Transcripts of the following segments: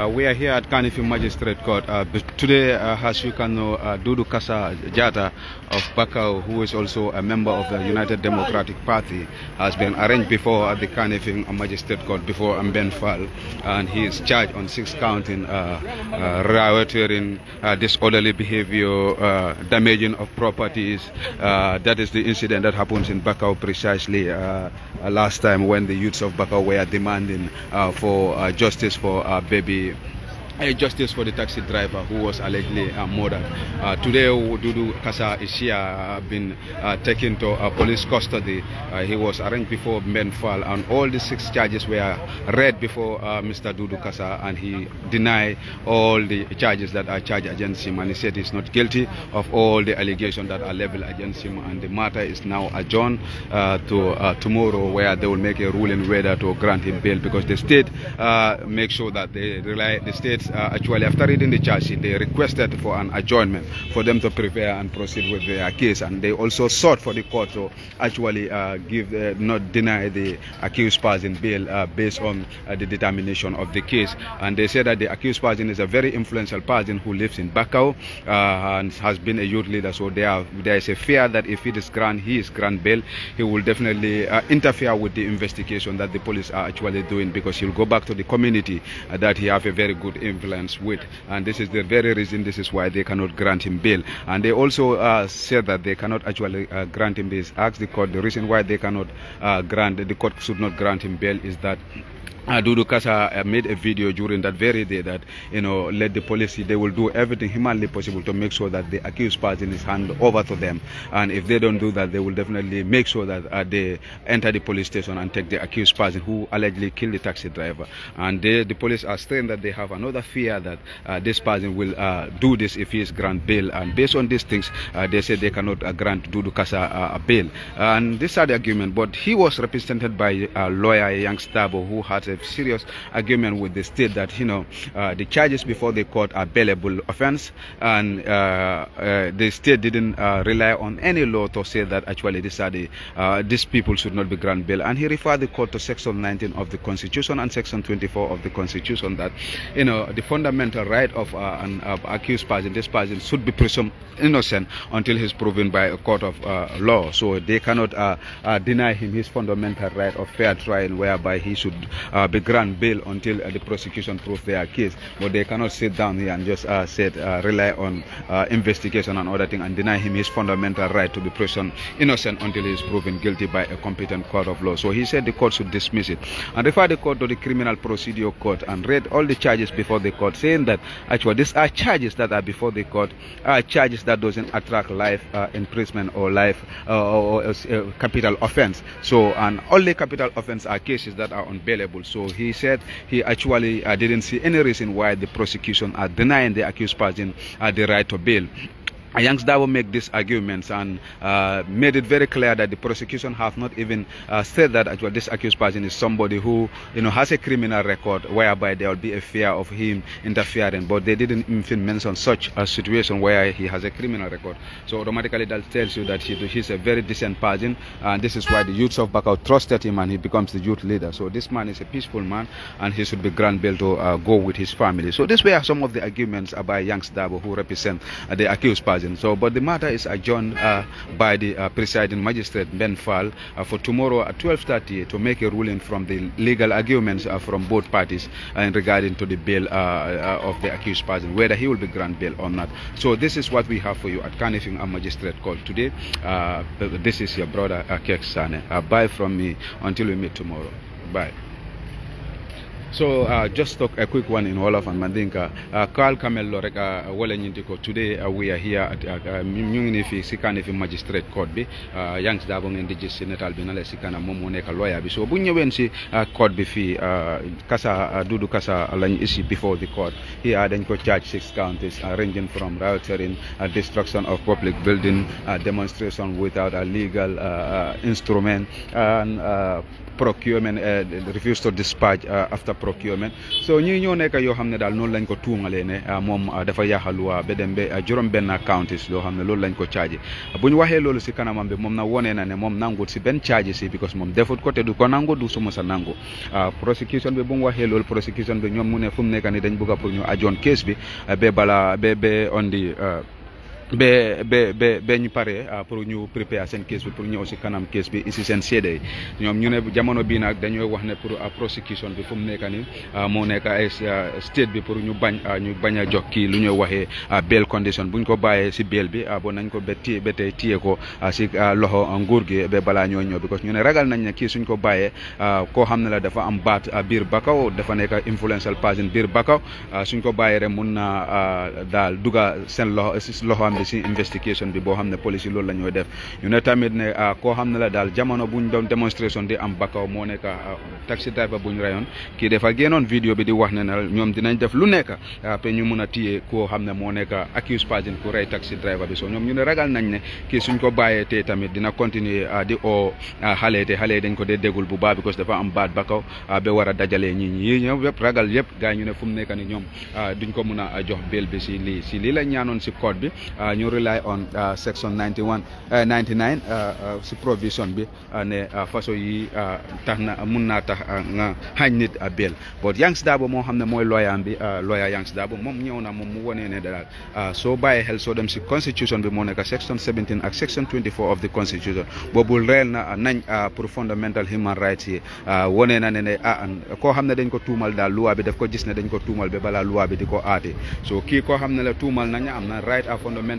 Uh, we are here at Carnifew Magistrate Court. Uh, today, uh, as you can know, uh, Dudu Kasa Jata of Bakau, who is also a member of the United Democratic Party, has been arraigned before at the Carnifew Magistrate Court before Amben Fall, and he is charged on six counts in uh, uh, rioting, disorderly behavior, damaging of properties. that is the incident that happens in Bakau precisely last time when the youths of Bakau were demanding for justice for baby justice for the taxi driver who was allegedly uh, murdered. Uh, today, Dudu Kasa is here, been uh, taken to police custody. he was arraigned before Menfal, and all the six charges were read before Mr. Dudu Kasa, and he denied all the charges that are charged against him, and he said he's not guilty of all the allegations that are leveled against him, and the matter is now adjourned to tomorrow, where they will make a ruling whether to grant him bail because the state uh, make sure that they rely the states uh, actually after reading the charge sheet, they requested for an adjournment for them to prepare and proceed with their case. And they also sought for the court to actually uh, give, uh, not deny the accused person bail uh, based on uh, the determination of the case. And they said that the accused person is a very influential person who lives in Bakau uh, and has been a youth leader. So there, there is a fear that if it is granted, he is granted bail, he will definitely interfere with the investigation that the police are actually doing because he'll go back to the community that he have a very good with. And this is the very reason this is why they cannot grant him bail. And they also uh, said that they cannot actually uh, grant him this. Ask the court the reason why they cannot uh, grant, the court should not grant him bail is that uh, Dudu Kasa uh, made a video during that very day that, you know, let the police, they will do everything humanly possible to make sure that the accused person is handed over to them. And if they don't do that, they will definitely make sure that uh, they enter the police station and take the accused person who allegedly killed the taxi driver. And they, the police are saying that they have another fear that uh, this person will uh, do this if he is granted bail. And based on these things, uh, they say they cannot grant Dudu Kasa a bail. And this is the argument, but he was represented by lawyer Young Stabo who had a serious argument with the state that, you know, uh, the charges before the court are bailable offense and uh, uh, the state didn't uh, rely on any law to say that actually these are the, these people should not be granted bail. And he referred the court to section 19 of the constitution and section 24 of the constitution that, you know, the fundamental right of an accused person, this person should be presumed innocent until he's proven by a court of law. So they cannot deny him his fundamental right of fair trial whereby he should uh, be grant bail until uh, the prosecution prove their case. But they cannot sit down here and just uh, sit, uh, rely on uh, investigation and other thing and deny him his fundamental right to be person innocent until he is proven guilty by a competent court of law. So he said the court should dismiss it and refer the court to the criminal procedure court and read all the charges before the court, saying that actually these are charges that are before the court, are charges that doesn't attract life imprisonment or life or, capital offense. So and only capital offense are cases that are unbailable. So he said he actually uh, didn't see any reason why the prosecution are denying the accused person uh, the right to bail. Youngs Dabo make these arguments and uh, made it very clear that the prosecution have not even uh, said that actually this accused person is somebody who you know has a criminal record whereby there will be a fear of him interfering but they didn't even mention such a situation where he has a criminal record so automatically that tells you that he, he's a very decent person and this is why the youths of Bakau trusted him and he becomes the youth leader so this man is a peaceful man and he should be granted bail to uh, go with his family so these were some of the arguments by Youngs Dabo who represent uh, the accused person so, but the matter is adjourned uh, by the uh, presiding magistrate Ben Fall uh, for tomorrow at 12:30 to make a ruling from the legal arguments uh, from both parties uh, in regarding to the bail uh, of the accused person, whether he will be granted bail or not. So, this is what we have for you at Carnifing Magistrate Court today. this is your brother uh, Kek Sane. bye from me until we meet tomorrow. Bye. So uh, just talk a quick one in Olaf and Mandinka. Uh, Carl Kamel Lorek uh, Today uh, we are here at uh, uh, Nyungini fi sikani magistrate court Be Uh, Yanks dabo ngin di jis senatal sikana lawyer So Bunya wen uh, court be fi kasa dudu kasa alany before the court. Here then ko charge six counties uh, ranging from rioting, uh, destruction of public building, uh, demonstration without a legal uh, instrument and uh, procurement uh, refused to dispatch uh, after procurement so ñii ñoo nekk yoo xam ne daal noonu lañ ko tuumalee ne ah, moom ah, dafa yaaxal waa ah, be dem ba juróom benn counties yoo xam ne loolu lañ ko chargé bu waxee loolu si kanamam bi moom na wonee na ne moom nangut si benn charge si because moom defut ko te du ko nangu du suma sa nangu prosecution bi bu mu waxee loolu prosecution bi ñoom mu ne fu mu nekk ni dañ bëgg a pour ñu ajoon case bi ba bala ba ba on di be be be be ñu pare ah, pour ñu préparer seen case bi pour ñëw si kanam case bi si seen seede ñoom ñu ne jamono bii nag dañooy wax ne pour ah, prosecution bi fu mu nekk nii ah, moo nekk ay state bi pour ñu bañ ñu bañ a jox kii lu ñuy waxee bail condition buñ ko bàyyee si bail bi bo nañ ko ba téye ba tey téye ko si loxo nguur gi ba balaa ñoo ñëw because ñu ne ragal nañ ne kii suñ ko bàyyee koo xam ne la dafa am baat biir bakaw dafa nekk influential person biir bakaw suñ ko bàyyee rek mun na daal duga seen loxo loxo am indi si investigation bi boo xam ne police yi loolu la def ñu ne tamit ne ah, koo xam ne la daal jamono buñ doon démonstration di am Bakau moo nekk ah, taxi driver bu ñu rayoon kii dafa génnoon vidéo bi di wax ne na ñoom dinañ def lu nekk te ah, ñu mun a tiye koo xam ne moo nekk accuse pagine ku rey taxi driver bi so ñoom ñu ne ragal nañ ne kii suñ ko bàyyee tey tamit dina continuer di oo xale te xale dañ ko dee dégul bu baax because dafa am baat Bakau ba war a dajalee ñi ñi yi ñëw ragal yëpp gars ñu ne fu mu nekk ni ñoom duñ ko mun a jox bel si lii si lii la ñaanoon si code bi ñu uh, rely on uh, section 91 99 uh, si provision bi ne façon yi tax na mun naa tax nga xañ nit bel but Yanks Darboe moo xam ne mooy looyaam bi looya Yanks Darboe moom ñëw na moom mu wonee ne daal so bàyyi xel soo dem si constitution bi moo nekk section 17 ak section 24 of the constitution boobu reel na nañ pour fundamental human rights yi wone na ne ne a ah, koo xam ne dañ ko tuumal daal luwa bi daf ko jis ne dañ ko tuumal bi bala luwa bi di ko aate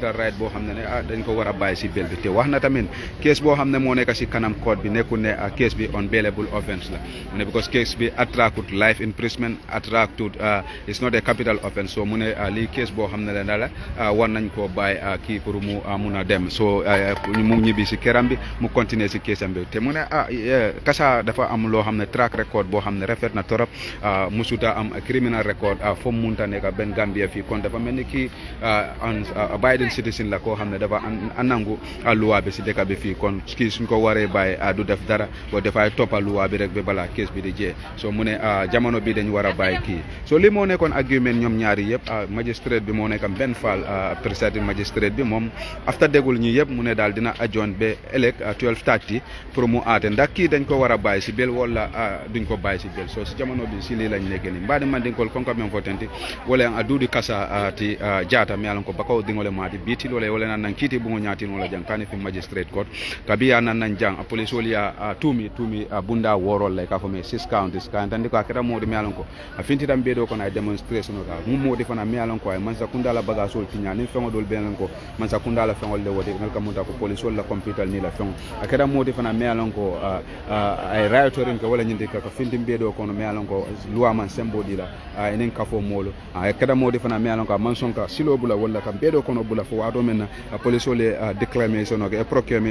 fundamental right bo xamne ne ah dañ ko wara a ci si bel bi te waxna tamen tamit case boo xam ne moo nekk kanam code bi nekkul ne case bi on bailable offense la mune ne because case bi attract life imprisonment attract attracted it's not a capital offense so mune ne li case bo xamne la ne daal war nañ ko koo bàyyi ki pour mu mun a dem so mu ñibi ci këram bi mu continuer ci case am bi te mune ne ah kassa dafa am lo xamne track record bo xamne refet na torop musuta am criminal record fo mu munta nek ben Gambia fi kon dafa mel ni kii den citizen la ko xamne dafa anangu loi bi ci deka bi fi kon ki suñ ko waré bay e, du def dara bo defay e a loi bi rek be bala case bi di jé so mune a jamono bi dañ wara bay ki so li mo nekkon argument ñom ñaar yépp magistrate bi mo nekkam ben fall presiding magistrate bi mom after degul ñi yépp mune dal dina adjoint be elek 12:30 pour mu até ndak ki dañ ko wara bay ci bel wala duñ ko bay ci bel so ci jamono bi ci li lañ nekk ni mbaade man ko kon ko men fotenti wala en adudi kasa ti jata mi alan ko bako dingole ma ñaati bitil wala wala nan kiti bungo ñaati wala jang kane fi magistrate court kabi ya nan nan jang a police wali ya ah, ah, tumi tumi ah, bunda worol lay ka fo me six counties ka ndandi ko akata modi mi alon ko a finti tam bedo ko na demonstration ka mum modi fana mi alon ko ay man sakunda la baga sol tinya ni fengo dol benen ko man kunda la fengo le wodi ngal kamunta ko police wala computer ni la fengo akata modi fana mi alon ko ay riotorin ko wala nyinde ka finti bedo ko no mi alon ko luwa man sembo dila enen kafo molo akata modi fana mi alon ko man sonka silo bula wala kam bedo kono bula la fo wato men a police ole a déclamer sono ke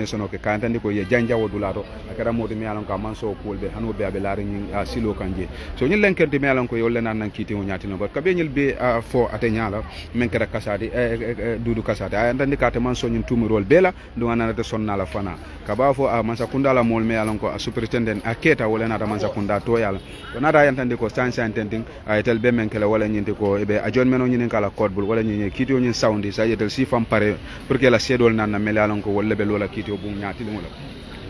sono ke kan tan ko ye janja wodula to akara modi mi alon ka man so ko be hanu be be laari ni a silo kanje so ni len kenti mi alon ko yolle nan nan kiti nyati no ka be nyel be a fo ate nyala men kara kasadi e eh, eh, eh, dudu kasadi a ndandi ka te man so nyin tumi rol bela do anana te sonna la fana ka ba fo a man sakunda la mol mi alon ko a superintendent a keta wala na ta man sakunda to yala to na da di ko sansa tending a tel be men kala wala nyinte ko e be a ajon meno nyin kala code bul wala nyin kiti nyin soundi sa yetel sifan pare pour que la sedol nan na mele alon ko wolle be lola kiti o bum nyaati limola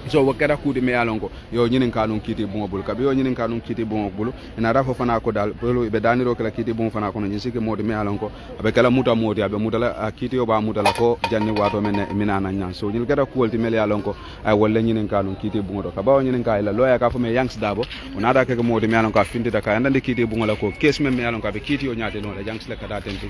so wo keta kuuti me alongo yo ñinin kanu kiti bon bul bulu kabi yo ñinin kanu kiti bon bul ina rafo fana ko dal bulu be daniro kala kiti bon fana ko ñin sikki modi me alongo abe kala muta modi abe mutala kiti yo ba mutala ko janni wato men minana nyan so nyil gada kuwolti mele ye a ay wolle ñinin kanu kiti bon do to kaba wo ñinin ka ila loya ka fo me yanks dabo o naata keke mooti me alongo afindi lon ko a fintita ka yandandi kiiti buŋo la ko kes me me alongo a kiti yo nyaade kiitiyo ñaati noon la yanks le kata tenti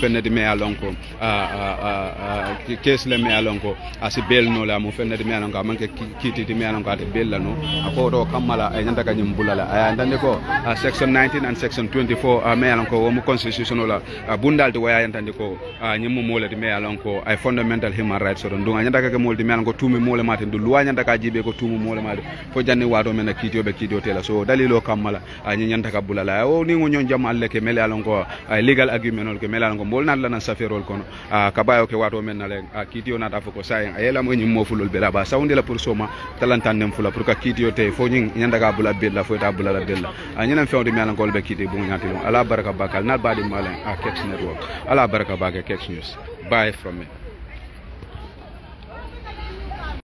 fenne di me alongo a a a kes le me alongo asi bel no la mo fenne di me alongo manke lon kiititimeyanon kaate bellano ako to kammala ay eh, ñanta kañum bulala aya dande ko ah, section 19 and section 24 uh, meyalan ko womo constitution ola uh, ah, bundalde waya yantande ko uh, ah, ñimmo molede meyalan ko ay fundamental human rights oɗon ɗum a ñanta kake molde meyalan ko tumi mole mate ndu luwa ñanta ka ko tuumu mole mate fo janni wato men a kiitoɓe kiito tela so dalilo kammala uh, ñi ñanta ka bulala o ni go ñon jaam allah ke melalon ko uh, legal argument ol ke mele melalon ko bolnatlanan saffaire ol kono uh, kabayo ke wato men le uh, kiitiyo nata fo ko sayen a yelam ko ñimmo fulol la ba sawndila pour ma talantan nem fula pour que kiti yote fo ñing ñanda ka bula bella fo ta bula la bella a ñenam fewde mi mala ngol be kiti bu ñati ala baraka bakal na badi malen a ah, kex network ala baraka bakal kex news bye from me